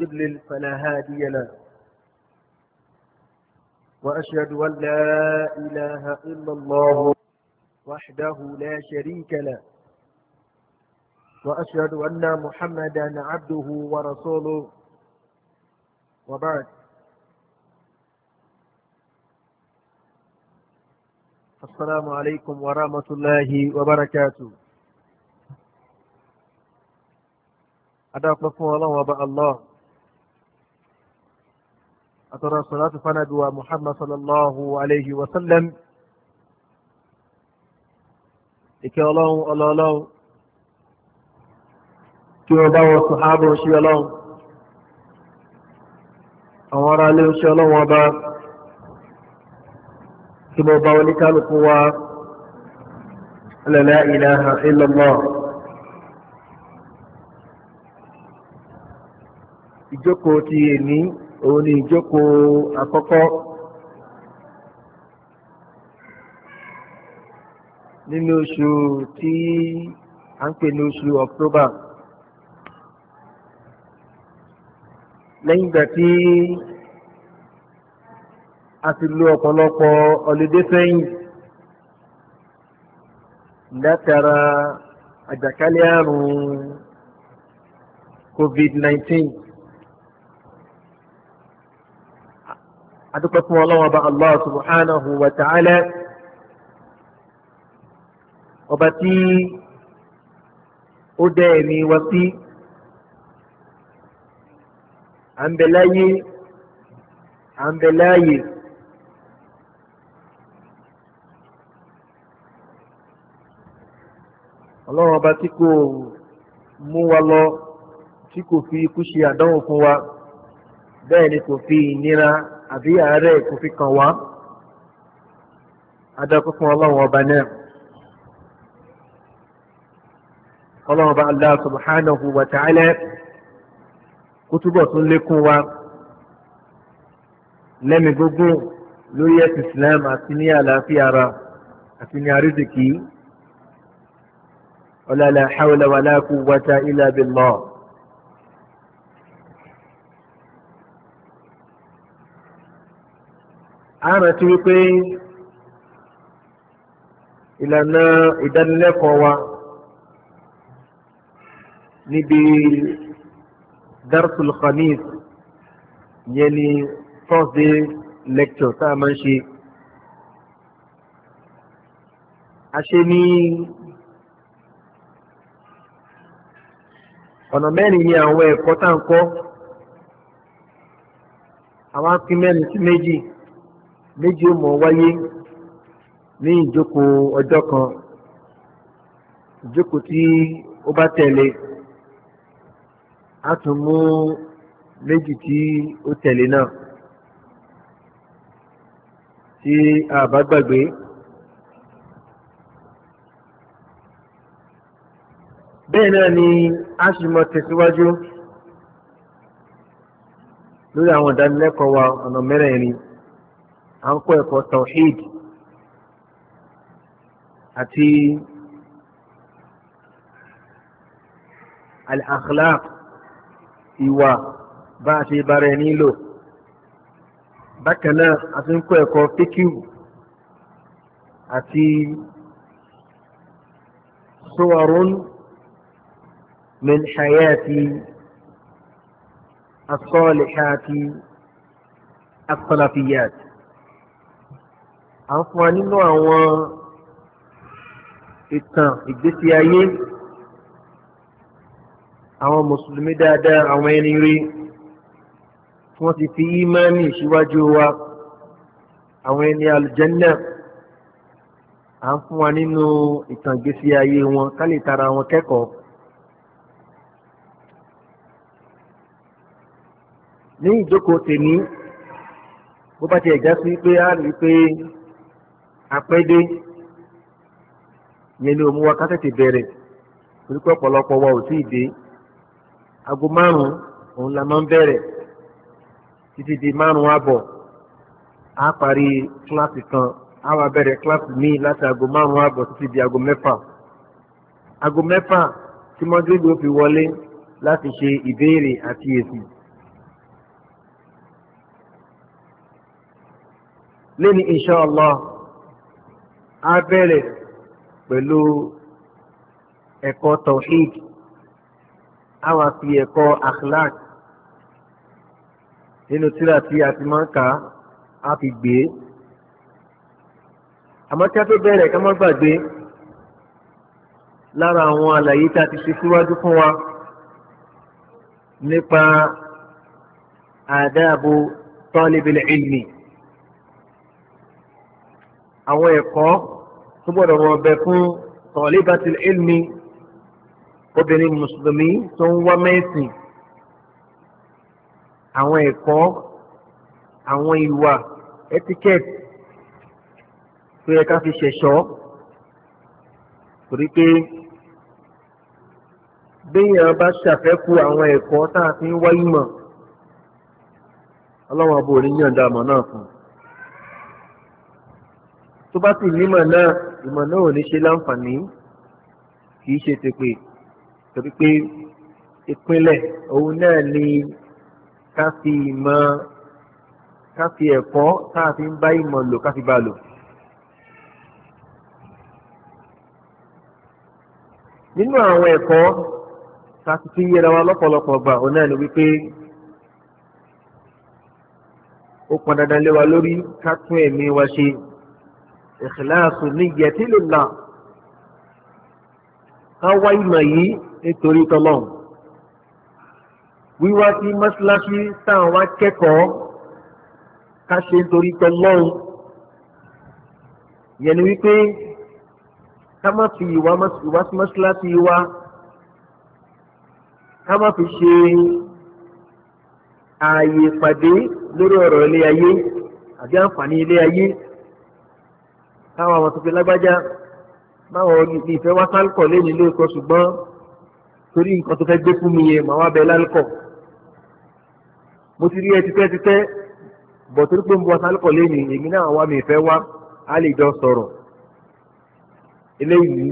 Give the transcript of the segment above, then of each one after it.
يضلل فلا هادي له وأشهد أن لا إله إلا الله وحده لا شريك له وأشهد أن محمدا عبده ورسوله وبعد السلام عليكم ورحمة الله وبركاته أدعوكم الله وبأ الله àtọ̀rọ̀ sọ̀rọ̀ fanaduwa muhammad sallallahu alayhi wa sallam ìkẹ́ ọlọ́run ọlọ́ọ̀lọ́run kí wọ́n bá wọn sọ̀hábọ̀ sí ọlọ́run àwọn ará ilé iṣẹ́ ọlọ́run ọba kí wọ́n bá oníkálukú wa la ilaha illallah ìjókòó ti èmi òun ni ìjókòó àkọ́kọ́ nínú oṣù tí a ń pè ní oṣù October lẹ́yìn ìgbà tí a ti lo ọ̀pọ̀lọpọ̀ ọ̀lẹ́dẹ́ sẹ́yìn látara àjàkálẹ̀ àrùn COVID-19. adúpẹ́ fún ọlọ́wọ́ ọba allah subhanahu wa ta'ala ọba tí ó dẹ ẹ̀mí wa sí à ń bẹ láyé tí kò mú wa lọ tí kò fi ikú ṣe àdánwò fún wa bẹ́ẹ̀ ni kò fi ìnira àbí àárẹ̀ kò fi kàn wá adákún fún ọlọ́run ọba náà ọlọ́run ọba Allah subhanahu wa ta'ala kó túbọ̀ tún lékún wa lẹ́mi gbogbo lórí ẹ̀sìn Islam àti ní àlàáfíà ara àti ní àrídìkì ọlọ́lá hawla wàlá quwwata illa billah. a rántí wípé ìlànà ìdánilẹ́kọ̀ọ́ wa níbi darsul khamis yẹn ni thursday lecture tá a máa ń ṣe a ṣe ní ọ̀nà mẹ́rin ni àwọn ẹ̀kọ́ tá à ń kọ́ àwọn akín sí méjì méjì ó mọ̀ wáyé ní ìjókòó ọjọ́ kan ìjókòó tí ó bá tẹ̀lé á tún mú méjì tí ó tẹ̀lé náà tí a bá gbàgbé. bẹ́ẹ̀ náà ni a sì mọ tẹ̀síwájú lórí àwọn ìdánilẹ́kọ̀ọ́ wa ọ̀nà mẹ́rẹ̀ẹ̀rin à ń kọ́ ẹ̀kọ́ tawhid àti al-akhlaq ìwà bá a ṣe bára ẹni lò bákan náà a ti ń kọ́ ẹ̀kọ́ fíkìw àti suwarun min hayati as-salihati à ń fún wa nínú àwọn ìtàn ìgbésí ayé àwọn mùsùlùmí dáadáa àwọn ẹni rí tí wọ́n ti fi ímánì síwájú wa àwọn ẹni àlùjànnà à ń fún wa nínú ìtàn ìgbésí ayé wọn ká lè tara wọn kẹ́kọ̀ọ́. ní ìjókòó tèmi bó bá ti ẹ̀já sí pé a rí i pé àpẹ́dé yẹn ni òmùwà ká tètè bẹ̀rẹ̀ torí pé ọ̀pọ̀lọpọ̀ wa ò tíì dé aago márùn-ún òun la máa ń bẹ̀rẹ̀ títí di márùn-ún àbọ̀ á parí kíláàsì kan á wá bẹ̀rẹ̀ kíláàsì míì láti aago márùn-ún àbọ̀ títí di aago mẹ́fà aago mẹ́fà tí mọ́gírídì ó fi wọlé láti ṣe ìbéèrè àti èsì. lẹ́ni insha Allah á bẹ̀rẹ̀ pẹ̀lú ẹ̀kọ́ tawhid á wá fi ẹ̀kọ́ akhlaq nínú tíra tí a ti máa ń kà á fi gbé àmọ́ tí a tó bẹ̀rẹ̀ ká má gbàgbé lára àwọn àlàyé tá a ti ṣe síwájú fún wa nípa àdáàbò tọ́lébìlì ìlmì àwọn ẹ̀kọ́ tó gbọ́dọ̀ wọ ọbẹ̀ fún tọ̀lébàtì ilmi obìnrin mùsùlùmí tó ń wá mẹ́sìn àwọn ẹ̀kọ́ àwọn ìwà etiquette tó yẹ ká fi ṣẹ̀ṣọ́ torí pé béèyàn bá ṣàfẹ́kù àwọn ẹ̀kọ́ tá a fi ń wáyé mọ̀ ọlọ́wọ́n bò ní yànjá àmọ́ náà fún un tó bá sì nímọ̀ náà ìmọ̀ náà ò ní ṣe láǹfààní kì í ṣe tèpè torí pé ìpínlẹ̀ òun náà ni ká fi ìmọ̀ ká fi ẹ̀kọ́ tá a fi ń bá ìmọ̀ lò ká fi bá lò. nínú àwọn ẹ̀kọ́ tá a ti fi yẹra wa lọ́pọ̀lọpọ̀ gbà òun náà ni wípé ó pọn dandan lé wa lórí ká tún ẹ̀mí wa ṣe ikhlasu niyyati lillah ká wá ìmọ̀ yìí nítorí tọ́lọ́hùn wíwá sí mọ́ṣáláṣí táwọn wá kẹ́kọ̀ọ́ ká ṣe nítorí tọ́lọ́hùn yẹn ni wípé ká má fi ìwà sí mọ́ṣáláṣí wa ká má fi ṣe ààyè pàdé lórí ọ̀rọ̀ ilé ayé àbí àǹfààní ilé ayé táwọn àwọn tó fi lágbájá báwọn ibi ìfẹ́ wá sálùkọ̀ lẹ́yìn ilé ẹ̀kọ́ ṣùgbọ́n torí nǹkan tó fẹ́ gbé fún mi yẹn màá wá bẹ lálùkọ̀ mo ti rí ẹ tipẹ́ tipẹ́ bọ̀ torí pé mo wá sálùkọ̀ lẹ́yìn èmi náà wá mi ìfẹ́ wá á lè jọ sọ̀rọ̀ eléyìí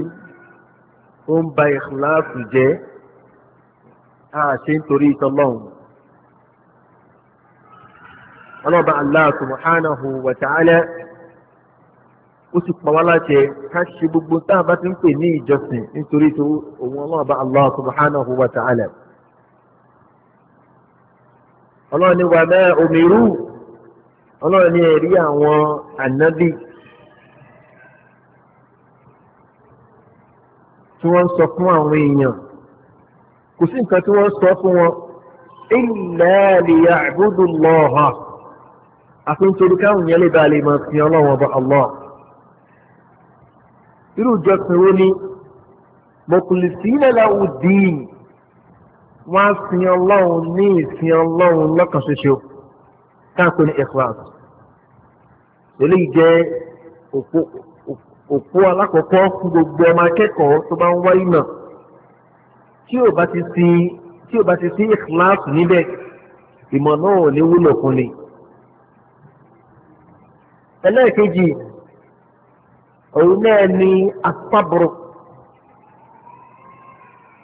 ó ń ba ìkìláàsì jẹ́ a ṣe ń torí ìtọ́lọ́hùn ọlọ́ba Allah subhanahu wa ta'ala. ó sì pa wá láṣẹ ká ṣe gbogbo tá a bá ti ń pè ní ìjọsìn nítorí tó òun allah subhanahu wa ta'ala. ọlọ́run ni wà náà òmìrú ọlọ́run ni ẹ̀rí àwọn ànábì tí wọ́n ń sọ fún àwọn èèyàn kò sí nǹkan tí wọ́n ń sọ fún wọn illa liya'budu Allah àfi nítorí káwọn yẹn fi ọba allah. irú ìjọsìn wo ni mọ̀kùlìsí nílẹ̀ òdìyìn wọ́n á sin ọlọ́run ní ìsìn ọlọ́run lọ́kàn ṣoṣo káàkó ní ikhlas eléyìí jẹ́ òpó alákọ̀ọ́kọ́ fún gbogbo ọmọ akẹ́kọ̀ọ́ tó bá ń wá ìmọ̀ tí ò bá ti sí tí ò bá ti sí níbẹ̀ ìmọ̀ náà ò ní wúlò fún ni. ẹlẹ́ẹ̀kejì òun náà ni asábùrù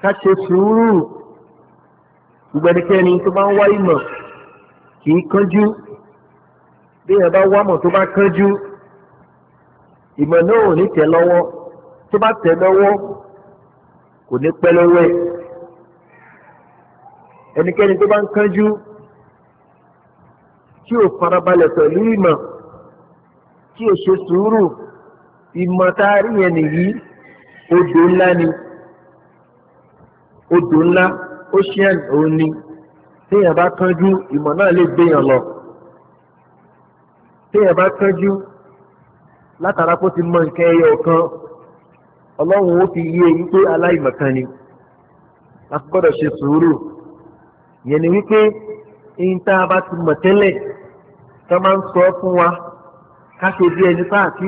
ká ṣe sùúrù ìgbẹ̀nikẹ́ni tó bá ń wá ìmọ̀ kì í kánjú bí ẹ bá wámọ̀ tó bá kánjú ìmọ̀ náà ò ní tẹ̀ lọ́wọ́ tó bá tẹ̀ lọ́wọ́ kò ní pẹ́ lọ́wọ́ ẹ̀ ẹnikẹ́ni tó bá ń kánjú tí ò farabalẹ̀ pẹ̀lú ìmọ̀ tí ò ṣe sùúrù ìmọ̀tàrí yẹn nìyí odò ńlá ni odò ńlá ocean òun ni téèyàn bá kánjú ìmọ̀ náà lè gbéyàn lọ téèyàn bá kánjú látara kó ti mọ nǹkan ẹyọ kan ọlọ́run ó fi yé e wípé aláìmọ̀kan ni a gbọ́dọ̀ ṣe sùúrù yẹn ni wípé ní tá a bá ti mọ̀ tẹ́lẹ̀ tó máa ń sọ fún wa ká ṣe bí ẹni tá àti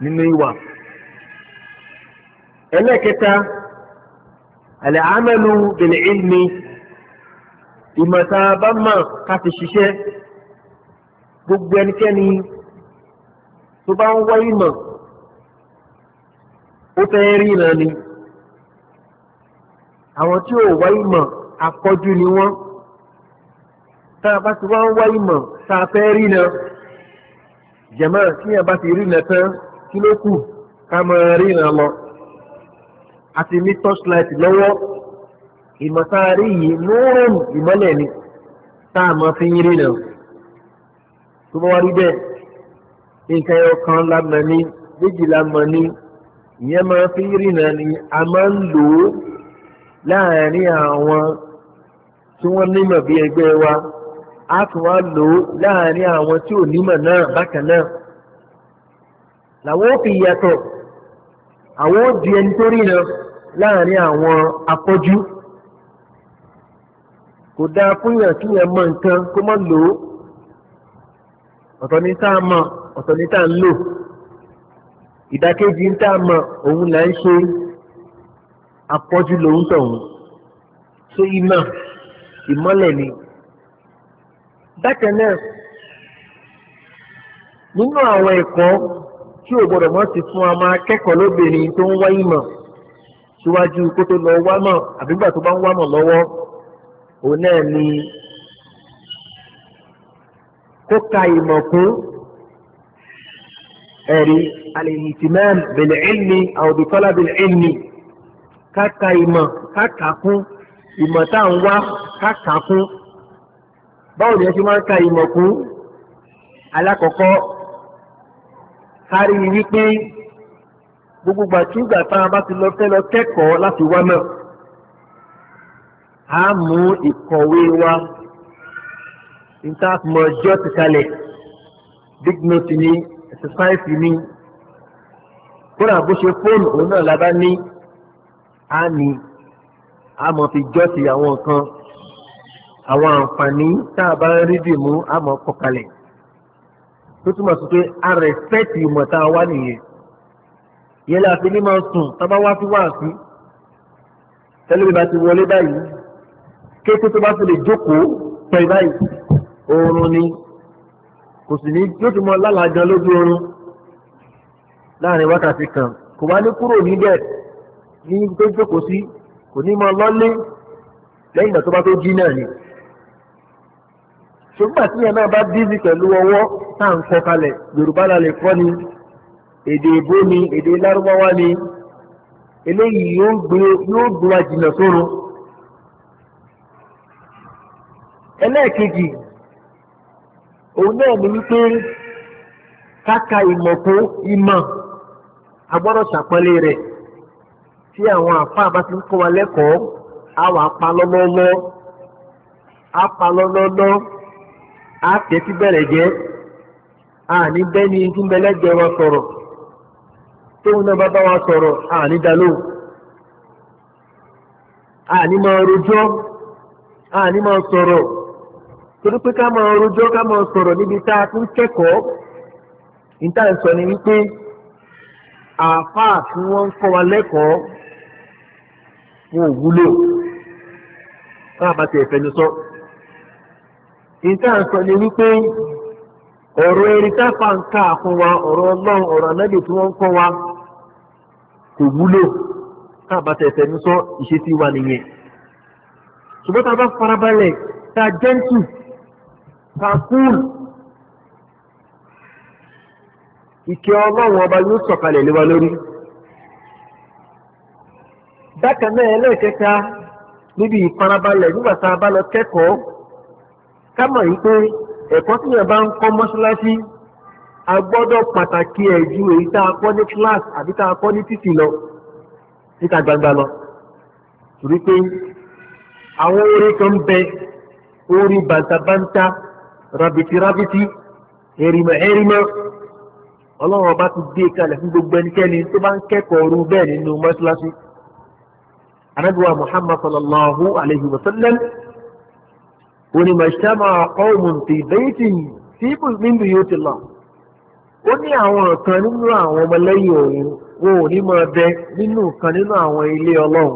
nínú ìwà ẹlẹ́ẹ̀kẹta àlẹ́ àmẹ́lu bẹ̀lẹ̀ ìlmi ìmọ̀ta bá mọ̀ ká fi ṣiṣẹ́ gbogbo ẹnikẹ́ni tó bá ń wá ìmọ̀ ó fẹ́ rí ìran ni àwọn tí ò wá ìmọ̀ akọ́jú ni wọ́n tá a bá ti wá ń wá ìmọ̀ tá a fẹ́ rí ìran jẹ̀mọ́ tí yẹn bá ti rí ìran tán kí ló kù ká máa ríran lọ àti ní torchlight lọ́wọ́ ìmọ̀sáárì yìí lóòrùn ìmọ́lẹ̀ ni tá a máa fi ń ríran tó bá wá rí bẹ́ẹ̀ nǹkan ẹyọ kan lámà ní méjì lámà ní ìyẹn máa fi ń ríran ni a máa ń lò ó láàárín àwọn tí wọ́n nímọ̀ bí ẹgbẹ́ wa a tún wá lò ó láàárín àwọn tí ò nímọ̀ náà bákan náà làwọn ó fi yàtọ̀ àwọn ó di ẹni tó rìnà láàrin àwọn afọ́jú kò dáa fún yàn kí yàn mọ nǹkan kó mọ lò ó ọ̀tọ̀ ní tá a mọ ọ̀tọ̀ ní tá a ń lò ìdákejì ń tá a mọ òun là ń ṣe afọ́jú lòun tọ̀hún so iná ìmọ́lẹ̀ ni bákan náà nínú àwọn ẹ̀kọ́ tí ò gbọdọ̀ mọ́ ti fún ọmọ akẹ́kọ̀ọ́ lóbìnrin tó ń wá ìmọ̀ síwájú kó tó lọ wá mọ̀ àbígbà tó bá ń wá mọ̀ lọ́wọ́ òun náà ni kó ka ìmọ̀ kún ẹ̀rí alìhìtìmẹ́m bẹ̀lẹ̀ ẹ̀mí àwòdìkọ́lá bẹ̀lẹ̀ ẹ̀mí ká ìmọ̀ ká kún ìmọ̀ tá à ń wá ká kún báwo ni ẹ ti máa ń ka ìmọ̀ kún alákọ̀ọ́kọ́ kárí wípé gbogbo gbàtúgbà tá a bá ti lọ fẹ́ lọ kẹ́kọ̀ọ́ láti wá náà a mú ìkọ̀wé wa níta mọ̀ ọjọ́ ti kalẹ̀ dignity ni exercise ni kódà bó ṣe fóònù òun náà la bá ní a ní a mọ̀ fi jọ́ ti àwọn nǹkan àwọn àǹfààní tá a bá ń rí dì mú a mọ̀ kọ̀ kalẹ̀ tó túmọ̀ sí pé a rẹ̀spẹ̀tì ìmọ̀ tá a wá nìyẹn yẹn la fi ní máa sùn tábà wá sí wáàsí tẹ́lẹ̀mí bá ti wọlé báyìí kéèké tó bá ti lè jókòó pẹ́ báyìí oorun ni kò sì ní yóò tún mọ lálàá gan lójú oorun láàrin wákàtí kan kò wá ní kúrò níbẹ̀ ní tó jókòó sí kò ní mọ lọ́lé lẹ́yìn ìgbà tó bá tó jí náà ni ṣùgbọ́n àti ìyẹn náà bá bízí pẹ̀lú ọwọ́ tá à ń kọ kalẹ̀ yorùbá la lè ni èdè èbó ni èdè lárúbáwá ni eléyìí yóò gbé yóò gbé wa jìnnà ẹlẹ́ẹ̀kejì òun náà ni wípé káka ìmọ̀kó ìmọ̀ rẹ̀ tí àwọn àfa bá ti ń kọ́ wa lẹ́kọ̀ọ́ wà pa àní bẹ́ni tí ń bẹ lẹ́gbẹ̀ẹ́ wa sọ̀rọ̀ tóun náà bá bá wa sọ̀rọ̀ àní dalóhùn àní máa rojọ́ àní máa sọ̀rọ̀ torí pé ká máa rojọ́ ká máa sọ̀rọ̀ níbi tá a tún kẹ́kọ̀ọ́ níta ń sọ ni wípé àáfàá tí wọ́n ń kọ́ wa lẹ́kọ̀ọ́ wọn ò wúlò wọn àbá tiẹ̀ sọ níta ń sọ ni wípé ọ̀rọ̀ ẹni táfà ń ká fún wa ọ̀rọ̀ ọlọ́run ọ̀rọ̀ anábì tí wọ́n ń kọ́ wa kò wúlò tá a ní sọ ìṣesí wa nìyẹn ṣùgbọ́n tá a bá farabalẹ̀ tá a jẹ́ǹtù tá a kúl ìkẹ́ ọlọ́run ọba yóò sọ̀kalẹ̀ lé wa lórí náà ẹlẹ́ẹ̀kẹta níbi ìfarabalẹ̀ nígbà tá a bá lọ ẹ̀kọ́ tí yẹn bá ń kọ́ mọ́ṣáláṣí a gbọ́dọ̀ pàtàkì ẹ̀ ju èyí tá a kọ́ ní kíláàsì àbí tá a kọ́ ní títì lọ síta gbangba lọ torí pé àwọn orin kan bẹ orin bàǹtàbàǹtà ràbìtìràbìtì èrìmọ̀ èrìmọ̀ ọlọ́run ọba ti dé kalẹ̀ fún gbogbo ẹnikẹ́ni tó bá ń kẹ́kọ̀ọ́ ọ̀rú bẹ́ẹ̀ nínú mọ́ṣáláṣí anábìwá muhammad sallallahu alayhi wa sallam òní màṣámà ọ̀hún fi bẹ́ẹ̀tì sí níbi yóò ti lọ. ó ní àwọn kan nínú àwọn ọmọlẹ́yìn òun wọn ò ní máa bẹ nínú kan nínú àwọn ilé ọlọ́run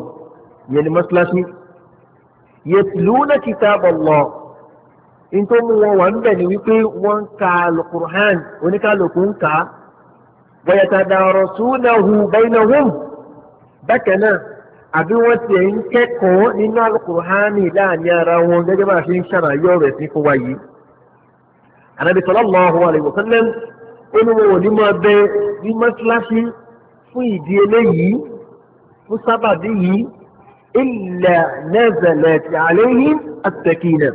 yẹn ni mọ́ṣáláṣí. yatluna kitaballah nítorí mú wọn wà ń bẹ̀ ni wípé wọ́n ń ka alukur'an oníkàlùkù ń kà á. wa yatadarasunahu bainahum bákan náà àbí wọ́n tiẹ̀ ń kẹ́kọ̀ọ́ nínú alukur'ani láàrin ara wọn gẹ́gẹ́ bá a ṣe ń ṣàlàyé ọ̀rọ̀ ẹ̀sìn fún wa yìí. ànábi sallallahu alaihi wasallam ó ní wọn ò ní máa bẹ ní mọ́ṣáláṣí fún ìdí eléyìí fún sábàbí yìí illa nazalat alaihim as-sakina.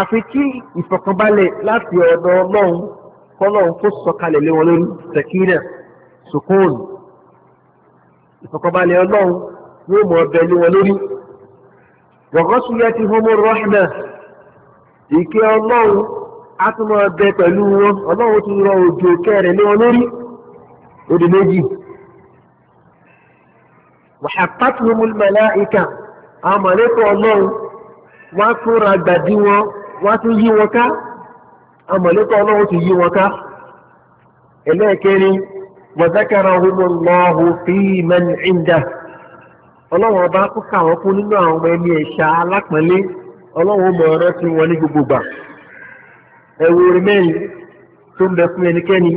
àfi kí ìfọ̀kànbalẹ̀ láti ọ̀dọ̀ ọlọ́run kọ́lọ́run kó sọ̀kalẹ̀ lé wọn lórí as-sakina ìfọ̀kànbalẹ̀ ọlọ́run ní ó mọ ọbẹ̀ ní wọn lórí wọ̀gọ́sùn yẹ ti homo rahma ìkẹ́ ọlọ́run á tún mọ ọbẹ̀ pẹ̀lú wọn ọlọ́run ti rọ òjò kẹrẹ ní wọn lórí odi méjì ọlọ́run gbàdí wọn wọ́n وذكرهم الله في من عنده ọlọ́wọ́n ọba kó káwọn fún nínú àwọn ọmọ ẹni ẹ̀ṣá alápọ̀nlé ọlọ́wọ́n mọ̀ ọ̀rọ̀ tí wọn ní gbogbo gbà ẹ̀wù orí mẹ́rin tó ń bẹ fún ẹnikẹ́ni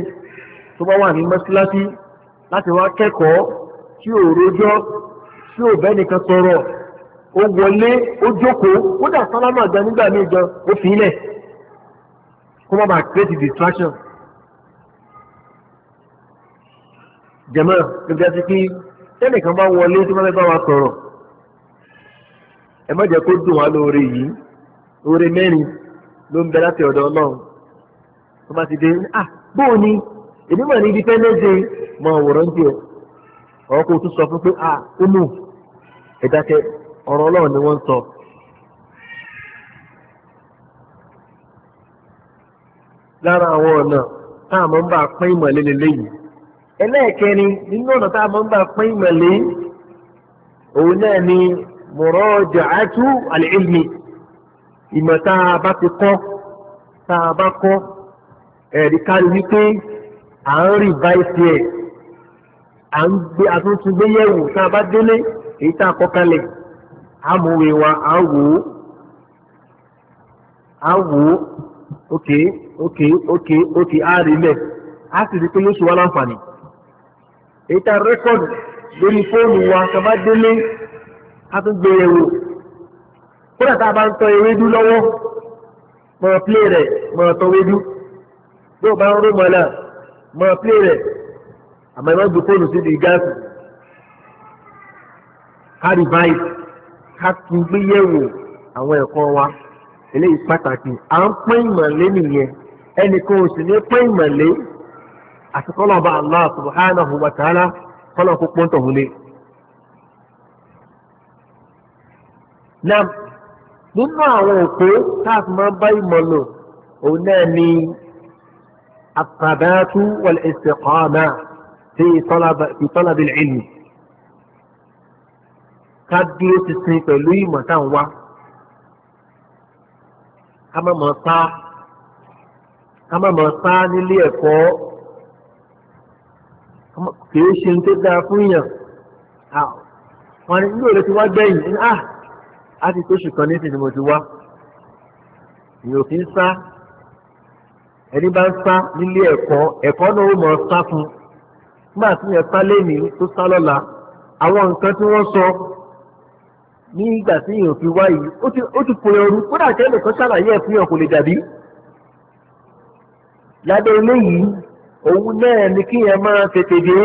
tó bá wà ní mọ́síláṣí láti wá kẹ́kọ̀ọ́ tí ò rojọ́ tí ò bẹ́ẹ̀ nìkan ó wọlé ó jókòó sálámà jẹ̀mọ́ níbi àti pé tẹ́nìkan bá wọlé tí wọ́n fẹ́ bá wa sọrọ. ẹ má jẹ́ kó dùn wá lóore yìí oore mẹ́rin ló ń bẹ láti ọ̀dọ̀ ọlọ́run tó bá ti dé ah bóun ni èmi mà ní independence day mọ àwòrán tiẹ̀ ọkọ̀ tó sọ fún pé ah ó mú ni wọ́n sọ. lára àwọn ọ̀nà táà ń bá pín ẹlẹ́ẹ̀kẹrin nínú ọ̀nà tá a máa ń gbà pín ìmọ̀lẹ́ òun náà ni muraja'atu al-ilmi ìmọ̀ tá a bá ti kọ́ tá a bá kọ́ ẹ̀rí kárí wípé à ń rí báyìí ẹ̀ à ń gbé àtúntún gbé yẹ̀wò tá a bá délé èyí tá a kọ́ kalẹ̀ àmúwe wa à wò ó à wò ó ok ok ok ok á rí lẹ̀ á sì rí pé yóò ṣe wá láǹfààní èyí tá rẹ́kọ̀dù lórí fóònù wa tó bá délé a tún gbé yẹ̀wò kódà tá a bá ń tọ́ ewédú lọ́wọ́ mọ̀ ọ́ pílé rẹ̀ mọ̀ ọ́ tọ́ ewédú bí o bá ń ró mọ̀ náà mọ̀ ọ́ pílé rẹ̀ àmọ́ ẹ má gbé fóònù sí di gáàsì ká rìváìt ká tún gbé yẹ̀wò àwọn ẹ̀kọ́ wa eléyìí pàtàkì à ń pín ìmọ̀lé nìyẹn ẹnìkan ò sì ní pín ìmọ̀lé àti kọ́lọ̀ bá Allah subhanahu wa ta'ala kọ́lọ̀ kó pọ́ńtọ̀ wọlé. Nam nínú àwọn òpó táàfù máa ń bá ìmọ̀ lò òun náà ni àkàbàtú wal istiqama fi talab al Ká dúró ti pẹ̀lú ìmọ̀ táwọn wá ká má mọ̀ sá nílé ẹ̀kọ́ kìí ṣe tó dáa fún yàn wọn ni nílò rẹ ti wá gbẹ̀yìn ah a ti tó ṣùkan ní ìsinmi ti wá èèyàn kì í sá ẹni bá ń sá nílé ẹ̀kọ́ ẹ̀kọ́ náà ó mọ̀ ọ́ sá fún nígbà tí yẹn sá lénìí tó sá lọ́la àwọn nǹkan tí wọ́n sọ nígbà tí yẹn fi wá yìí ó ti pòyàn ooru kódà kẹ́lẹ́ kan ṣàlàyé ẹ̀ fún yàn kò lè dàbí lábẹ́ eléyìí òun náà ni kí yẹn máa tètè dé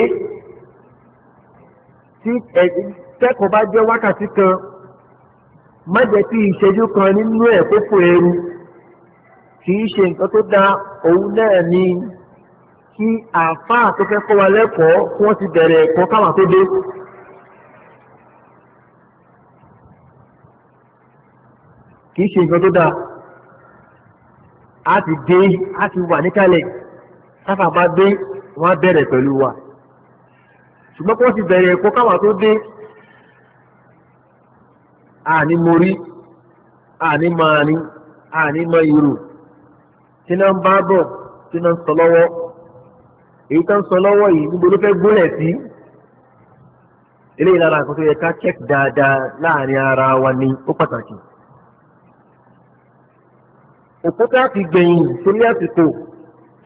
tí kẹ́kọ̀ọ́ bá jẹ́ wákàtí kan má jẹ́ kí ìṣẹ́jú kan nínú ẹ̀ kó fò ẹrú kì í ṣe nǹkan tó dáa òun náà ni kí àáfàá tó fẹ́ kọ́ wa lẹ́kọ̀ọ́ kí wọ́n ti bẹ̀rẹ̀ ẹ̀kọ́ káwọn tó dé. kì í ṣe nǹkan tó dáa a ti dé a ti wà níkàlẹ̀ táfà bá dé wọn á bẹ̀rẹ̀ pẹ̀lú wa ṣùgbọ́n kí ti bẹ̀rẹ̀ ẹ̀kọ́ káwà tó dé àní morí àní maani àní mayuru tí náà ń bá bọ̀ tí náà ń sọ lọ́wọ́ èyí tó ń sọ lọ́wọ́ yìí níbo ló fẹ́ gbólẹ̀ sí eléyìí lára yẹ ká check dáadáa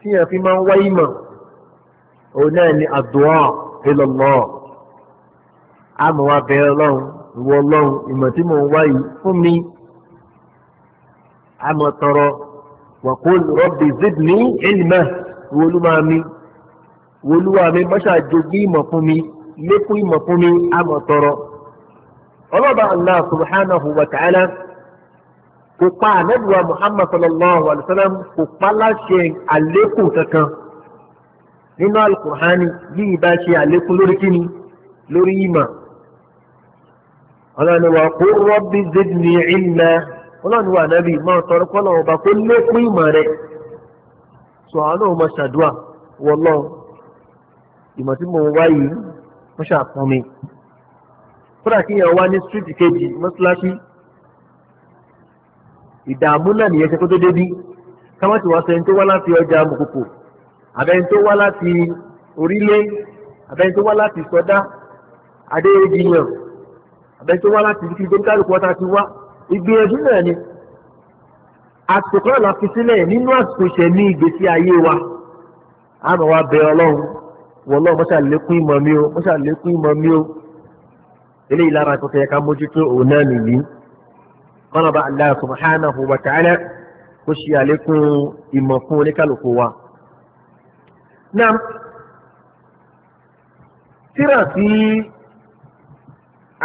tí yẹn fi máa ń wáyé mọ̀ òun náà ni àdúrà ìlọ̀lọ́ àmọ́ wa bẹ̀rẹ̀ ọlọ́run ìwọ ọlọ́run ìmọ̀ tí mò ń wáyé fún mi àmọ́ tọrọ wàkúl rọ́bì zidni ilmẹ̀ wọlúwa mi wọlúwa mi mọ́ṣáájogí ìmọ̀ fún mi lékún ìmọ̀ fún mi àmọ́ tọrọ ọlọ́ba Allah subhanahu wa ta'ala kò pa ànẹ́bùwà muhammad sallallahu alayhi wa sallam kò pa láṣẹ àlékún kankan nínú alukur'ani bí ìbá ṣe àlékún lórí kíni lórí ìmọ̀ ọlọ́ni wa kó rọ́bì zidni ilma ọlọ́ni wa ànábì máa tọrọ kọ́ lọ́wọ́ bá kó lékún ìmọ̀ rẹ̀ sọ àwọn náà ṣàdúà wọlọ́ ìmọ̀ tí mo wá yìí wọ́n ṣàpọ̀ mi kódà kíyàn wá ní street kejì mọ́ṣáláṣí ìdààmú náà nìyẹn ṣe kó tó débí káwọn ti wá sọ ẹni tó wá láti ọjà mùkùkù àbẹ́ni tó wá láti orílẹ̀ àbẹ́ni tó wá láti sọdá adéyẹjìyàn àbẹ́ni tó wá láti ibi tó ń kálukú ti wá ìgbìyànjú náà ni àsìkò náà la fi sílẹ̀ nínú àsìkò ìṣẹ̀mí ìgbésí ayé wa àmọ́ wa bẹ ọlọ́run wọlọ́run mọ́ṣàlékún ìmọ̀ mi o mọ́ṣàlékún ìmọ̀ mi o eléyìí lára àkọsẹ̀ yẹ ká mójútó òun náà nìyí kọ́nàbà Allah subhanahu wa ta'ala kó ṣe àlékún ìmọ̀ fún oníkàlùkù wa. náà tíra tí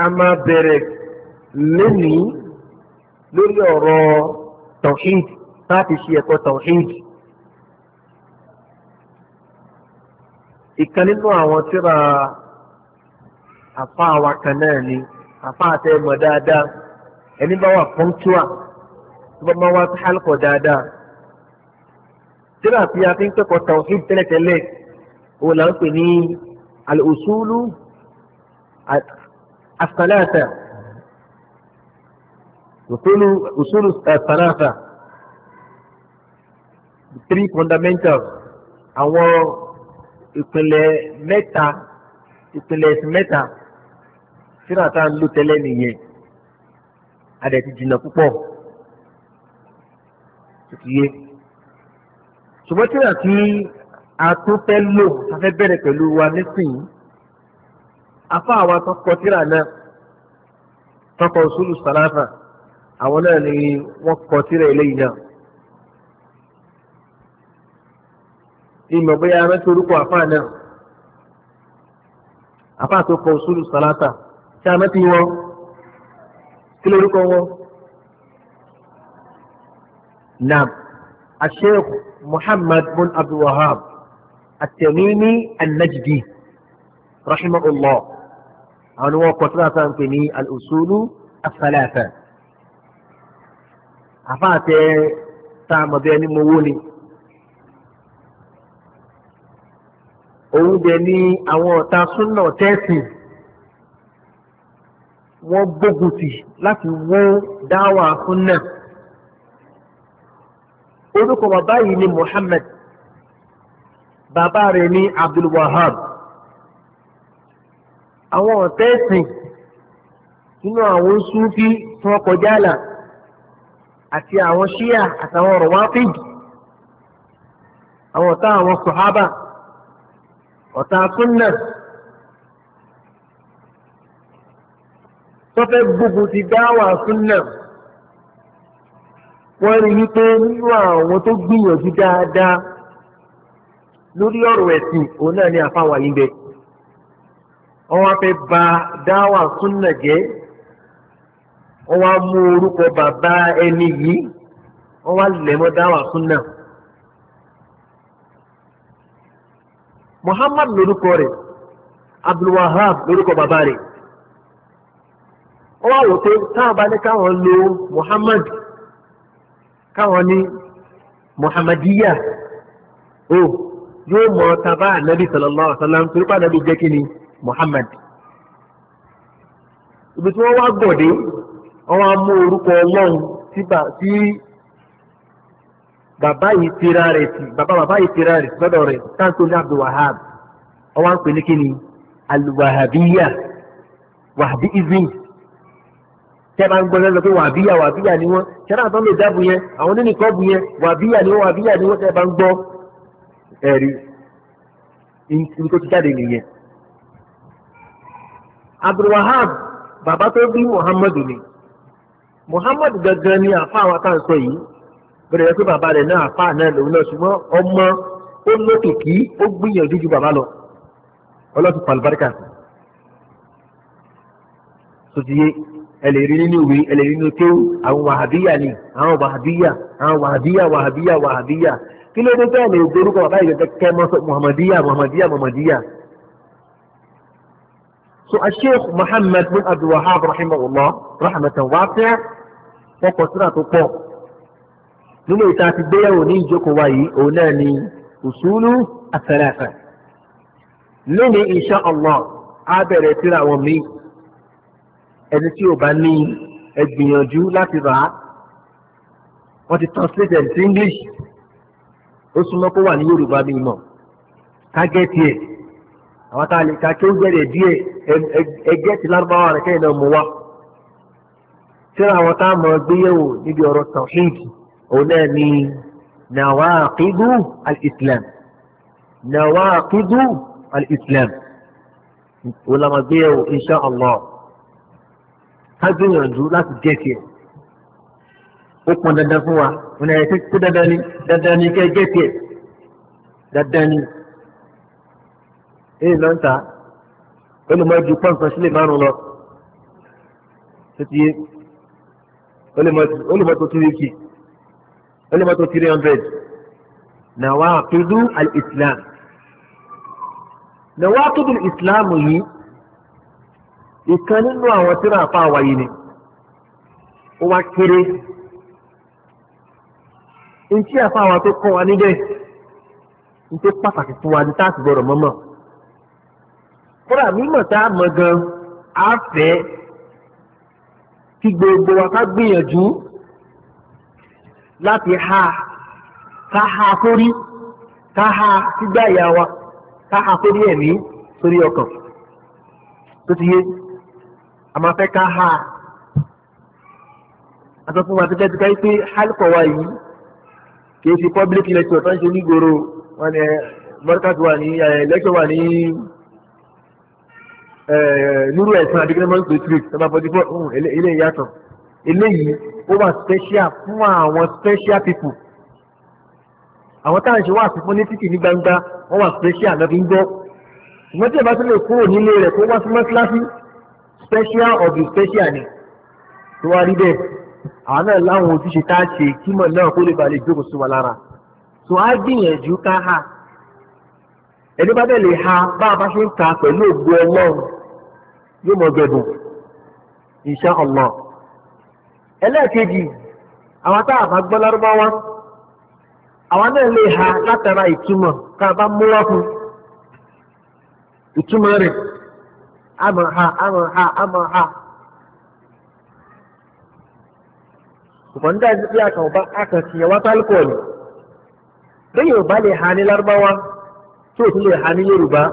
a máa bẹ̀rẹ̀ lónìí lórí ọ̀rọ̀ tawhid láti ṣe ẹ̀kọ́ tawhid. ìkan nínú àwọn tíra àfa àwa náà ni àfa àtẹ dáadáa ẹni bá wà pọ́ńtúà tó bá máa wá hálùkọ̀ dáadáa tíra tí a fi ń kẹ́kọ̀ọ́ tawhid tẹ́lẹ̀tẹ́lẹ̀ òun là ń pè ní al-usulu as-salasa usulu usulu three fundamentals àwọn ìpìlẹ̀ mẹ́ta ìpìlẹ̀ mẹ́ta tíra tá ń lò tẹ́lẹ̀ nìyẹn adẹ̀ ti jìnnà púpọ̀ tìtìyé ṣùgbọ́n tí wọ́n ti àtúntẹ́ lò afẹ́ bẹ̀rẹ̀ pẹ̀lú wa nísìnyí afá àwọn atọ́kọ tíra náà tọkọ òṣùlù sàlàfà àwọn náà ni wọ́n kọ tíra eléyìí náà. ìmọ̀ bóyá rántí orúkọ afá náà afá tó kọ òṣùlù tí a wọn kí lórúkọ wọn nam asheikh muhammad bin abdulwahab atẹ̀míní anajdi rahimahullah àwọn wọn kọ sílá sáà ń pè ní al-usulu as-salasa àfáàtẹ sáàmù bẹ́ẹ̀ ni mo wó ni òun dẹ̀ ní àwọn ọ̀tá súnà tẹ́sìn wọ́n gbógun tì láti wó dáwà súnà. orúkọ bàbá yìí ni Muhammad bàbá rẹ̀ ní Abdulwahab àwọn ọ̀tẹ́sìn nínú àwọn Súfí tí wọ́n kọjá là àti àwọn Ṣíà àtàwọn ọ̀rọ̀ wọn àwọn ọ̀tá àwọn sọ̀hábà ọ̀tá súnà. tó fẹ́ gbógun ti dáwà súnà wọ́n rí wípé nínú àwọn tó gbìyànjú dáadáa lórí ọ̀rọ̀ ẹ̀sìn òun náà ni àfáwà yìí bẹ wọ́n wá fẹ́ bà dáwà súnà jẹ́ wọ́n wá mú orúkọ bàbá ẹni yìí wọ́n wá lẹ̀ mọ́ dáwà súnà. Muhammad lórúkọ rẹ̀ Abdulwahab lórúkọ bàbá rẹ̀ ó wà wò pé táwọn bá ní káwọn lo Muhammad káwọn ní Muhammadiya ó yóò mọ taba anabi sallallahu alaihi wa sallam torí pa anabi jẹ́ kí ni Muhammad ibi tí wọ́n wá gbọ̀dé wọ́n wá mú orúkọ ọlọ́run tí bàbá yìí tira rẹ̀ sí bàbá bàbá yìí tira rẹ̀ sọ́dọ̀ rẹ̀ táǹtó ní abdulwahab wọ́n wá ń pè ní kí ni alwahabiya wahabi izin tẹ́ bá ń gbọ́ lẹ́nu pé wàbíyà wàbíyà ni wọ́n ṣẹ́nà tó ń lè dábù yẹn àwọn oníkọ́ bu yẹn wàbíyà ni wọ́n wàbíyà ni wọ́n tẹ́ bá ń gbọ́ ẹ̀rí ibi tó ti jáde nìyẹn. abdulwahab bàbá tó bí muhammadu ni muhammadu gangan ni àfa àwọn akáǹsọ yìí bẹ̀rẹ̀ yẹ pé bàbá rẹ̀ náà àfa náà lòun náà ṣùgbọ́n ọmọ ó lókìkí ó gbìyànjú ju bàbá lọ ọlọ́sùn ẹ lè rí nínú ìwé ẹ lè rí nínú kéwù àwọn wàhábíyà ni àwọn wàhábíyà àwọn wàhábíyà wàhábíyà wàhábíyà kí ló dé tẹ́ ẹ lè dorúkọ bàbá ìgbẹ́ kẹ́ mọ́ muhammadiyya muhammadiyya muhammadiyya. so asheikh muhammad bin abdulwahab rahimahullah rahmatan wasi'a wọn kọ síra tó nínú ìta ti gbéyàwó ní ìjókòó wa yìí òun náà ni usulu ath lónìí insha allah á bẹ̀rẹ̀ síra ẹni tí ò bá ní ẹ gbìyànjú láti rà á wọ́n ti translate ẹ̀ sí English ó súnmọ́ kó wà ní Yorùbá mi mọ̀ tágẹ́tì ẹ̀ àwọn tá a lè ka kí ó gbẹ̀rẹ̀ díẹ̀ ẹgẹ́tì lárúbáwá rẹ̀ kẹ́yìn náà mú wa síra àwọn tá a mọ̀ gbéyẹ̀wò níbi ọ̀rọ̀ tawhid òun náà ni nàwáàkídú al-Islam nàwáàkídú al-Islam òun la gbéyẹ̀wò insha ká gbìyànjú láti jẹ́ tiẹ̀ ó pọn dandan fún wa ọ̀nà ẹ̀ tó dandan ni dandan ni kẹ́ jẹ́ tiẹ̀ dandan ni èyí náà ń ta olùmọ̀ ju pọ́ǹkan sílẹ̀ márùn lọ tó ti yé olùmọ̀ tó ti wíkì olùmọ̀ three hundred nàwa àpéjú al-islam nàwa àpéjú al yìí. ìkan nínú àwọn tí náà fà wáyé ni ó wá kéré ntí àfàwọn tó kọ wa níbẹ̀ ntí pàtàkì fún wa ní táàsì gbọ́dọ̀ mọ́mọ́ kódà mímọ̀ tá a mọ̀ gan á fẹ́ kí gbogbo wa ká gbìyànjú láti ha ká ha sórí ká ha sígbà ìyá wa ká ha sórí ẹ̀mí sórí ọkàn tó ti yé. àmọ́ fẹ́ ká ha àtọ́ fún wa ti fẹ́ẹ́ ti ká yí pé hálùkọ̀ wa yìí kìí fi public lecture tó ń ṣe nígboro wọn ni mọ́ríkàt eh, wà ní eh, lecture wà ní eh, nírú ẹ̀sán àdìgẹ́nẹ́mọ́rí patrick number forty four ilé ìyàtọ̀ eléyìí ó wà special fún àwọn special people àwọn táwọn ṣe wà fífún ní títì ní gbangba wọn wà special lọ́fi ń gbọ́ ṣùgbọ́n tí ẹ bá tún lè kúrò nílé rẹ̀ kó wá sí mọ́síláṣí special of the special ni tó wá rí bẹ́ẹ̀ àwọn náà láwọn ojúṣe tá a ṣe kímọ̀ náà kó lè balẹ̀ jókòó sí wa lára tó a gbìyànjú ká ha ẹni bá bẹ́ẹ̀ lè ha bá a bá ṣe ń ta pẹ̀lú ògbó ọlọ́run yóò mọ gbẹ̀bùn insha Allah ẹlẹ́ẹ̀kejì àwọn tá a bá gbọ́ lárúbáwá àwọn náà lè ha látara ìtumọ̀ tá a bá múra fún ìtumọ̀ rẹ̀ àmọ̀ ha àmọ̀ ha àmọ̀ ha. Ṣùgbọ́n da yanzu iya kan ba aka siya wata alkoholi. Don Yorùbá lè ha ní Lárúbáwá tí òtún lè ha ní Yorùbá.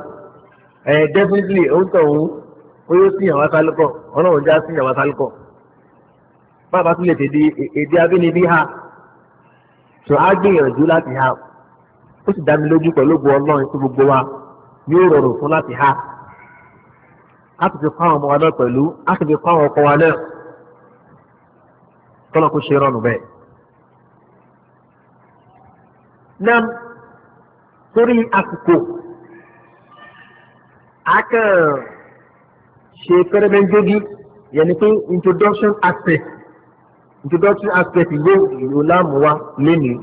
Ẹ definitely ó ń tàn òun ó yóò sí ìyàwó atálùkọ̀ ọlọ́run já sí ìyàwó atálùkọ̀. Bàbá tún lè tèdè e-, èdè abínibí ha. Sọ á gbìyànjú láti ha. Ó sì dá mi lójú pẹ̀lú ògbó ọlọ́run tó gbogbo wa yóò rọrùn fún láti ha á ti fi kọ́ àwọn ọmọ wa náà pẹ̀lú á ti fi kọ́ ọkọ wa náà tọ́lọ́ kó ṣe rọrùn bẹ́ẹ̀. nam torí àsìkò a kàn ṣe pẹrẹmẹjẹgì yẹn ni pé introduction aspect introduction aspect ìwé ìlú láàmú wa lénìí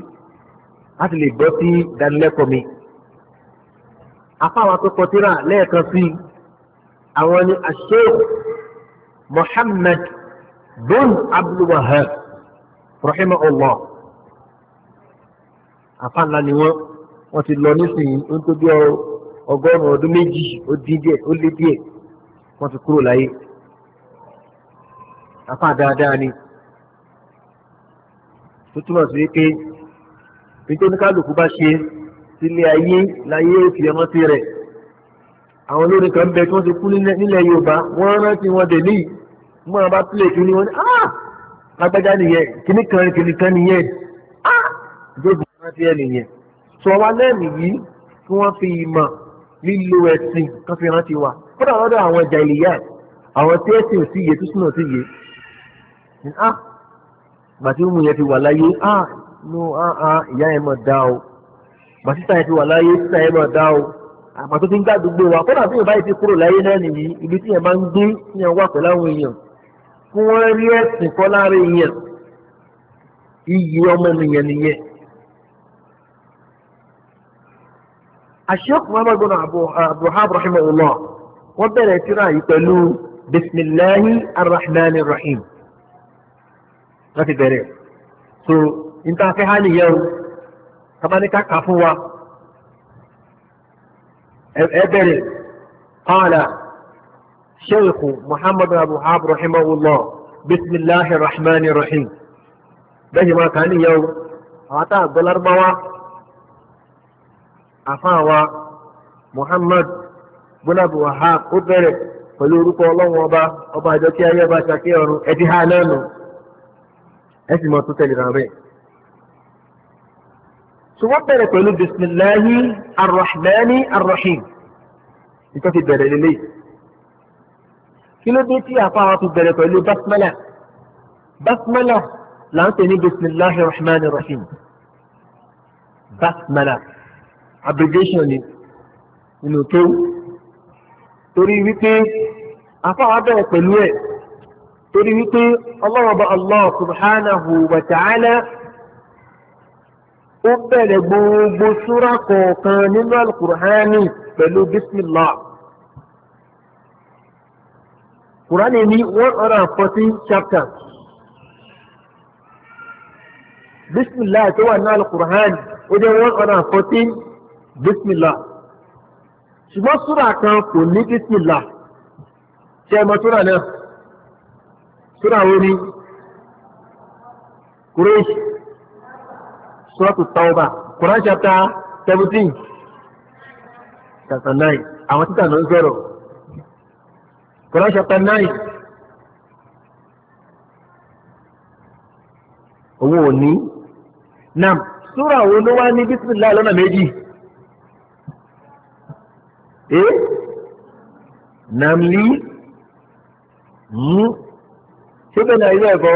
láti lè gbọ́ sí ìdánilẹ́kọ̀ọ́ mi. afáwọn akẹ́kọ̀ọ́ tíra lẹ́ẹ̀kan sí i àwọn ni asheikh muhammad bin abdulwahab rahimahullah àfààní ni wọ́n wọ́n ti lọ nísìnyí ó ń tó bí ọgọ́rùn-ún ọdún méjì ó dín díẹ̀ ó lé díẹ̀ wọ́n ti kúrò láyé àfààní dáadáa ni tó túmọ̀ sí pé nítorí kálukú bá ṣe sílé ayé láyé ó fi ẹmọ́ rẹ̀ àwọn olórin kan bẹ tí wọ́n ti kú nílẹ̀ Yorùbá wọ́n rántí wọn dè níyì mọ́ àwọn bá pílẹ̀ kí ni wọ́n ní ah lágbájá nìyẹn kìíní kan kìíní kan nìyẹn ah ìjọba rántí ẹ nìyẹn sọ wa lẹ́mìí yìí kí wọ́n fi ìmọ̀ lílo ẹ̀sìn kan fi rántí wa kódà lọ́dọ̀ àwọn ìjà ìlìyà àwọn tí ẹ̀sìn sí iye tó súnà sí iye ah gbàtí ó mú yẹn fi wà láyé ah no ah ah ìyá yẹn mọ̀ dá o gbàtí sísá yẹn fi wà láyé sísá mọ̀ dá o àmọ́ tó ti ń gbàdúgbò wa kódà bí ìbá yìí ti kúrò láyé náà nìyí ibi tí yẹn máa ń gbé tí yẹn wà pẹ̀lú àwọn èèyàn kí wọ́n rí ẹ̀sìn kọ́ láàrin èèyàn iyì ọmọ nìyẹn nìyẹn. àṣekù muhammad bin abdulhab rahimahullah wọ́n bẹ̀rẹ̀ tírà yìí pẹ̀lú bisimilahi arrahmani rahim láti bẹ̀rẹ̀ so n hàn nìyẹn o tabaníkà kà fún wa ẹbẹ̀rẹ̀ kọ́lá ṣéèkù muhammadu abu habu rahimahullah bisimilahi rahmani rahim bẹ́ẹ̀ máa kà ní yau àwọn tá a gbọ́ lárúbáwá àfáàwá muhammad bun abu wahab ó bẹ̀rẹ̀ pẹ̀lú orúkọ ọlọ́run ọba ọba àjọ kí ayé ọba ṣàkíyàn ọ̀run ẹ̀dí ha lẹ́nu ẹ̀sìn mọ́ tó tẹ̀lé ra bẹ́ẹ̀ so wọ́n bẹ̀rẹ̀ pẹ̀lú bisimilahi arrahmani arrahim nítorí fi bẹ̀rẹ̀ lélẹ̀ kí ló dé tí àfáà wọn fi bẹ̀rẹ̀ pẹ̀lú basmala basmala là ń pè ní bisimilahi arrahmani arrahim basmala abbreviation ni nínú kéwù torí wípé àfáà bẹ̀rẹ̀ pẹ̀lú ẹ̀ torí wípé ọlọ́wọ́ bá allah subhanahu wa ta'ala ó bẹ̀rẹ̀ gbogbo súra kọ̀ọ̀kan nínú alukur'ani pẹ̀lú bismillah. Kùránì ní one hundred and fourteen chapters. Bismillah tó wà ní alukur'ani ó jẹ́ one hundred and fourteen bismillah. Ṣùgbọ́n súra kan kò ní bismillah. Ṣé ẹ mọ̀ súra náà? Súra wo ni? Kúrẹ́ṣì suratu tauba quran chapter seventeen chapter nine àwọn títà ló ń sọ̀rọ̀ quran chapter nine òun ò nam súra wo ló wá ní bísímìlá lọ́nà méjì ee namli mú ṣé bẹ́ẹ̀ ni àyè bẹ́ẹ̀ kọ́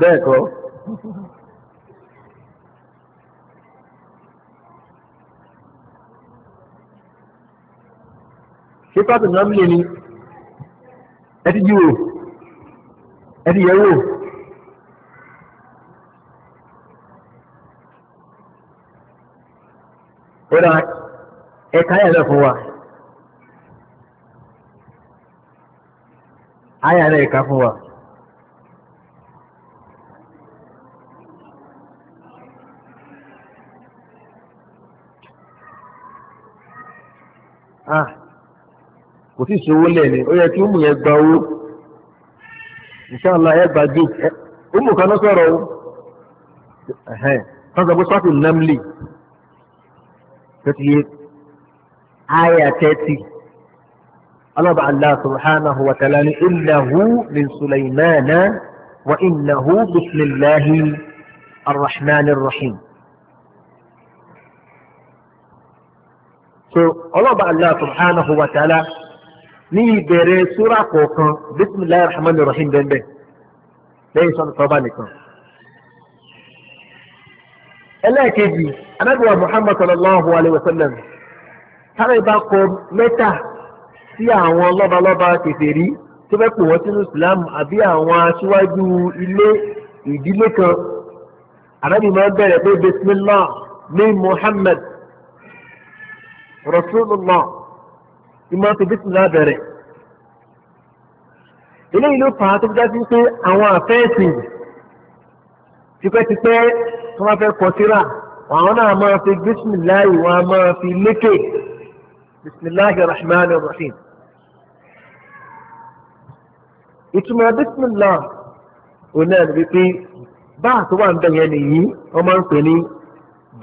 bẹ́ẹ̀ kọ́. ìfàtò nọ́mìnì ni ẹ ti jù wò ẹ ti yẹ wò ó ra ẹ̀ka yẹn lọ fún wa àyà rẹ̀ ẹ̀ka fún wa. Ah. kò sì sówó lẹ̀ ni ó yẹ kí o mu yẹn gba owó inshallah ẹ gba jù ọmọ kan náà sọ̀rọ̀ o kan sọ pé sọ́ọ̀tì namli thirty eight aya thirty alábà allah subhanahu wa ta'ala ni innahu min sulaymana wa innahu bismillahi arrahman arrahim. so ọlọ́ba allah subhanahu wa ta'ala. ní ìbẹ̀rẹ̀ súrà kọ̀ọ̀kan bisimilayi rahman rahim bẹ́ẹ̀ lẹ́yìn sọ́nù tọ́ba nìkan. ẹlẹ́ẹ̀kejì anábìwá muhammad sallallahu alayhi wa sallam tára ìbá kọ mẹ́ta sí àwọn lọ́balọ́ba kèfèrí tó fẹ́ pè wọ́n sínú islam àbí àwọn aṣíwájú ilé ìdílé kan anábì máa ń bẹ̀rẹ̀ pé bisimilah ní muhammad rasulullah ìmọ̀tò bísílá bẹ̀rẹ̀ eléyìí ló fà á tó dájú pé àwọn àfẹ́ẹ̀sì tipẹ́tipẹ́ tó bá fẹ́ kọ síra àwọn náà máa fi bísílá ìwọ̀n a máa fi lékè bísílá rahman rahim ìtumọ̀ bísílá òun náà ni wípé báà tó wà ń bẹ̀ yẹn nìyí wọ́n máa ń pè ní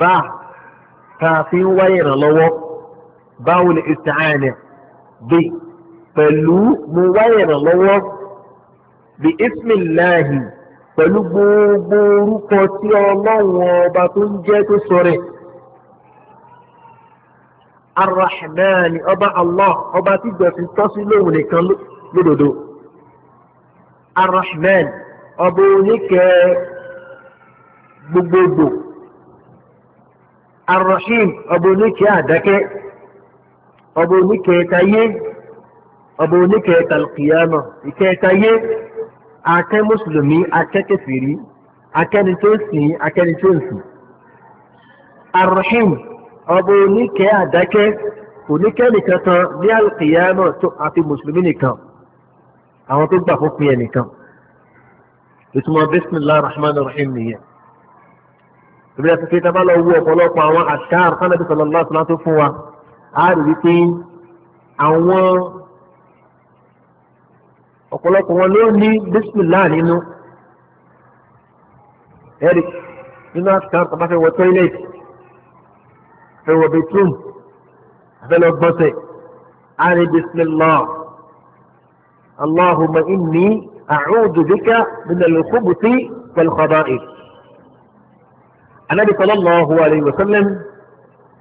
báà tá a fi ń wáyé ìrànlọ́wọ́ báwo lè ìtàn àyàn bi pẹ̀lú mo wá ìrànlọ́wọ́ bi ismillahi pẹ̀lú gbogbo orúkọ tí ọlọ́run ọba tó ń jẹ́ tó sọ rẹ̀ arrahman ọba allah ọba tí gbẹ̀fì tọ́ sí lóhùn nìkan lódodo arrahman ọba oníkẹ́ gbogbogbò arrahim ọba oníkẹ́ àdákẹ́ ọba oníkẹta yé ọba oníkẹta kìyàmọ ìkẹta yé akẹ mùsùlùmí akẹ kẹfìrí akẹni tó sìn akẹni tó sìn arahim ọba oníkẹ àdákẹ oníkẹ nìkan tán ní alùkìyàmọ tó àti mùsùlùmí nìkan àwọn tó gbà fún pin ẹnìkan ìtumọ̀ bisimilahi rahman rahim nìyẹn ìbílẹ̀ tuntun ìtàbá lọ wú ọ̀pọ̀lọpọ̀ àwọn àṣà àrùn sanabi sọlọ́lá sọlá tó fún wa a rí wípé àwọn ọ̀pọ̀lọpọ̀ wọn ló ní bísímìlá nínú ẹ̀rí nínú àtìkà tó bá fẹ́ wọ tọ́ílẹ̀tì fẹ́ wọ bẹ́túm fẹ́ lọ gbọ́sẹ̀ a rí bísímìlá Allahumma inni a'udhu bika min al-khubuthi wal khaba'ith. Anabi sallallahu alayhi wa sallam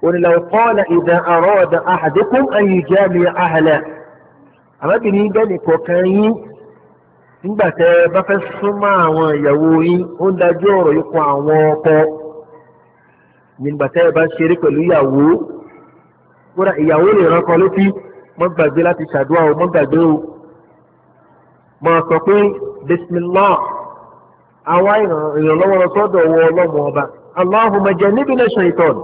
onílàwọ̀ kọ́ọ̀lá ìdá àrọ́ ọ̀dà àhàdékùn àyíjá mi àhàlà àmọ́bìnrin bẹ́ẹ̀ nìkọ̀ọ̀kan yín nígbà tẹ́ ẹ bá fẹ́ súnmọ́ àwọn ìyàwó yín ó ń dájú ọ̀rọ̀ yìí kan àwọn ọkọ nígbà tẹ́ ẹ bá ṣeré pẹ̀lú ìyàwó kódà ìyàwó lè ránkọ létí mọ́ gbàgbé láti ṣàdúrà o mọ́ gbàgbé o mọ́ sọ pé bismillah àwa ìrànlọ́wọ́ lọ sọ́dọ̀ wọ ọlọ́mọ ọba Allahumma jannibna shaitan.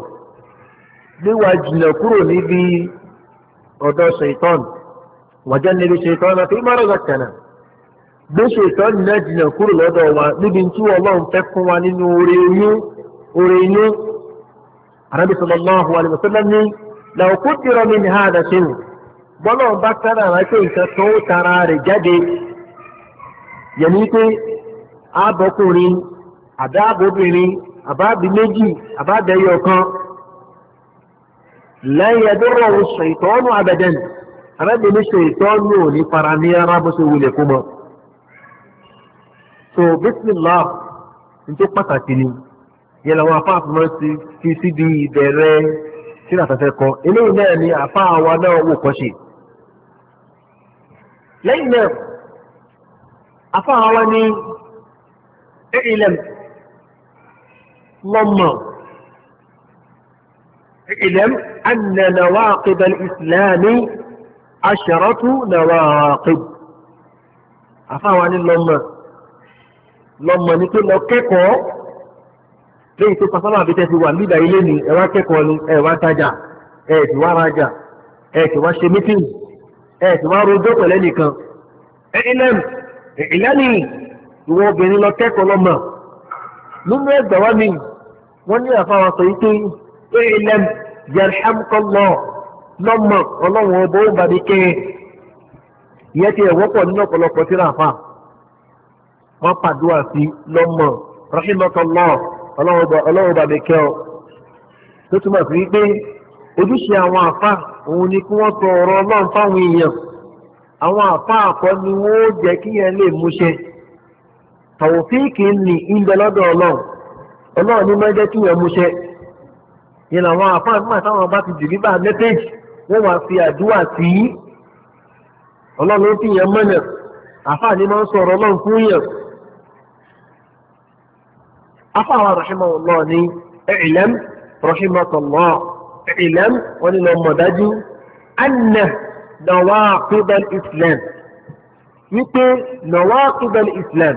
gbéwà jìnnà kúrò níbi ọ̀dọ̀ ṣèitán wàjẹ́ níbi ṣèitán náà fi kànáà gbé náà kúrò lọ́dọ̀ wa níbi tí ọlọ́run fẹ́ fún wa nínú orí inú oore inú arábì sallallahu alaihi wasallam ní làwọn kó tìrọ mi ní hàdà ṣéwù bọ́lọ́run bá sára tó tara rẹ̀ jáde yẹ̀ni pé àbọ̀kùnrin àbábọ̀bìnrin méjì kan. láyé dúró ṣètọ́nù abẹ́dẹ́n arábìnrin ṣètọ́nù ò ní fara ní ara bó ṣe wulẹ̀ fún so bísílá nítorí pàtàkì ni yẹn làwọn afáàfin máa ti fi síbi ìbẹ̀rẹ̀ sí àtàfẹ́ kan eléyìí náà ni àfáà wa náà wò kọ́ lẹ́yìn náà àfáà wa ní ilẹ̀ lọ́mọ. اعلم أن نواقض الإسلام عشرة نواقض أفاوى عن اللهم لما نقول لو كيكو léyìí tó pasọ́lá àbí tẹ́ fi wà nígbà ilé ni ẹ wá kẹ́kọ̀ọ́ ni ẹ wá tajà ẹ ti wá rajà ẹ ti wá ṣe mítìn ẹ ti wá rojọ́ pẹ̀lẹ́ nìkan ẹ ilẹ̀m ìlànì ìwọ obìnrin lọ kẹ́kọ̀ọ́ lọ́mọ nínú ẹgbàá wa mi wọ́n ní àfáwọn sọ yìí pé ìlẹ̀m yarhamkallah lọ́mọ ọlọ́run ọba ó bàbí ké ìyẹn ti ẹ̀ nínú ọ̀pọ̀lọpọ̀ tí ra fà wọ́n pàdúrà sí lọ́mọ rahimakallah ọlọ́run ọba kẹ́ ọ tó túmọ̀ sí wípé ojúṣe àwọn òun ni kí wọ́n ọlọ́run fáwọn èèyàn ni wọ́n ó jẹ́ yẹn làwọn àfáà nígbà táwọn bá ti dìlíbà mẹ́tẹ́jì wọ́n wá fi àdúrà sí i ọlọ́run ó fi yẹn mọ́nà àfáà ni máa ń sọ̀rọ̀ ọlọ́run fún yẹn. afáà wa rahimah allah ni ẹ̀ẹ́lẹ́m rahimah allah ẹ̀ẹ́lẹ́m wọn ni lọ́ọ́ mọ̀dájú anna nawaqid al-islam wípé nawaqid al-islam.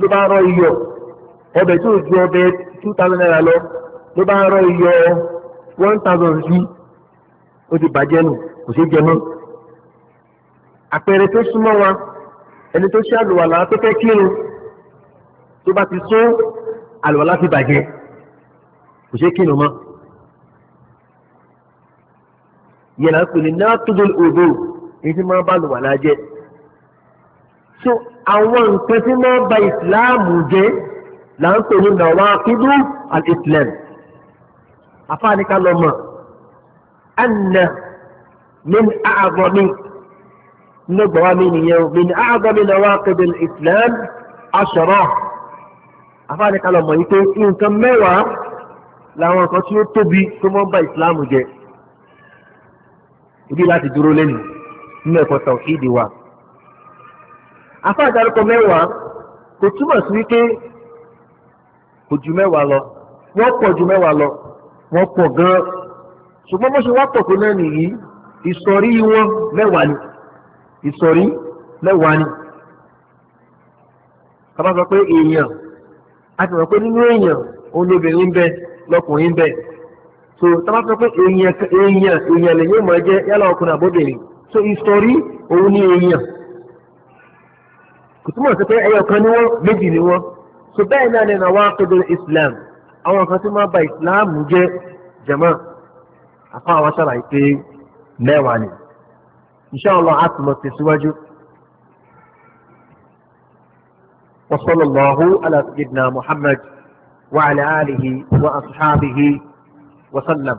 ló bá rọ iyọ̀ ọbẹ̀ tó ju ọbẹ̀ two thousand naira lọ ló bá rọ iyọ̀ one thousand sí ó ti bàjẹ́ nù kò sí jẹ mọ́. àpẹẹrẹ tó súnmọ́ wa ẹni tó ṣe àlùwàlà tó fẹ́ kírun tó bá ti sún àlùwàlà ti bàjẹ́ kò sí kírun mọ́. yẹn náà pè ní náà tó dé òdo èyí tí máa bá àlùwàlà jẹ́ so àwọn nǹkan tí wọ́n bà ìsìláàmù jẹ́ là ń pè ní nàwákìdú al-islam afáàníkà lọ́mọ anna min àgọ́mí nígbàwá mi nìyẹn min àgọ́mí nàwákìdú al-islam aṣọ̀rọ̀ afáàníkà lọ́mọ yìí pé nǹkan mẹ́wàá làwọn nǹkan tí ó tóbi tó wọ́n bà ìsìláàmù jẹ́ ibi láti dúró lẹ́nu nínú ẹ̀kọ́ tàwíìdì wa. Afa àdárúkọ mẹ́wàá kò túmọ̀ sí wípé kò ju mẹ́wàá lọ wọ́n pọ̀ ju mẹ́wàá lọ wọ́n pọ̀ gan ṣùgbọ́n bó ṣe wá pọ̀ tó náà nìyí ìsọ̀rí wọn mẹ́wàá ni ìsọ̀rí ni kaba sọ pé èèyàn a ti mọ̀ pé nínú èèyàn òun lóbìnrin ń bẹ lọkùnrin bẹ taba sọ pé èèyàn èèyàn èèyàn lè yóò yálà ọkùnrin àbóbìnrin so ìsọ̀rí òun ni kò túmọ̀ sí pé ẹyọ kan ni wọ́n méjì ni wọ́n so bẹ́ẹ̀ náà ni àwọn akéde islam àwọn kan tí máa ba islam jẹ́ jama àfa àwọn ṣàlàyé pé mẹ́wàá ni inṣàlá a tún lọ tẹ̀síwájú. وصلى الله على سيدنا محمد وعلى آله وأصحابه وسلم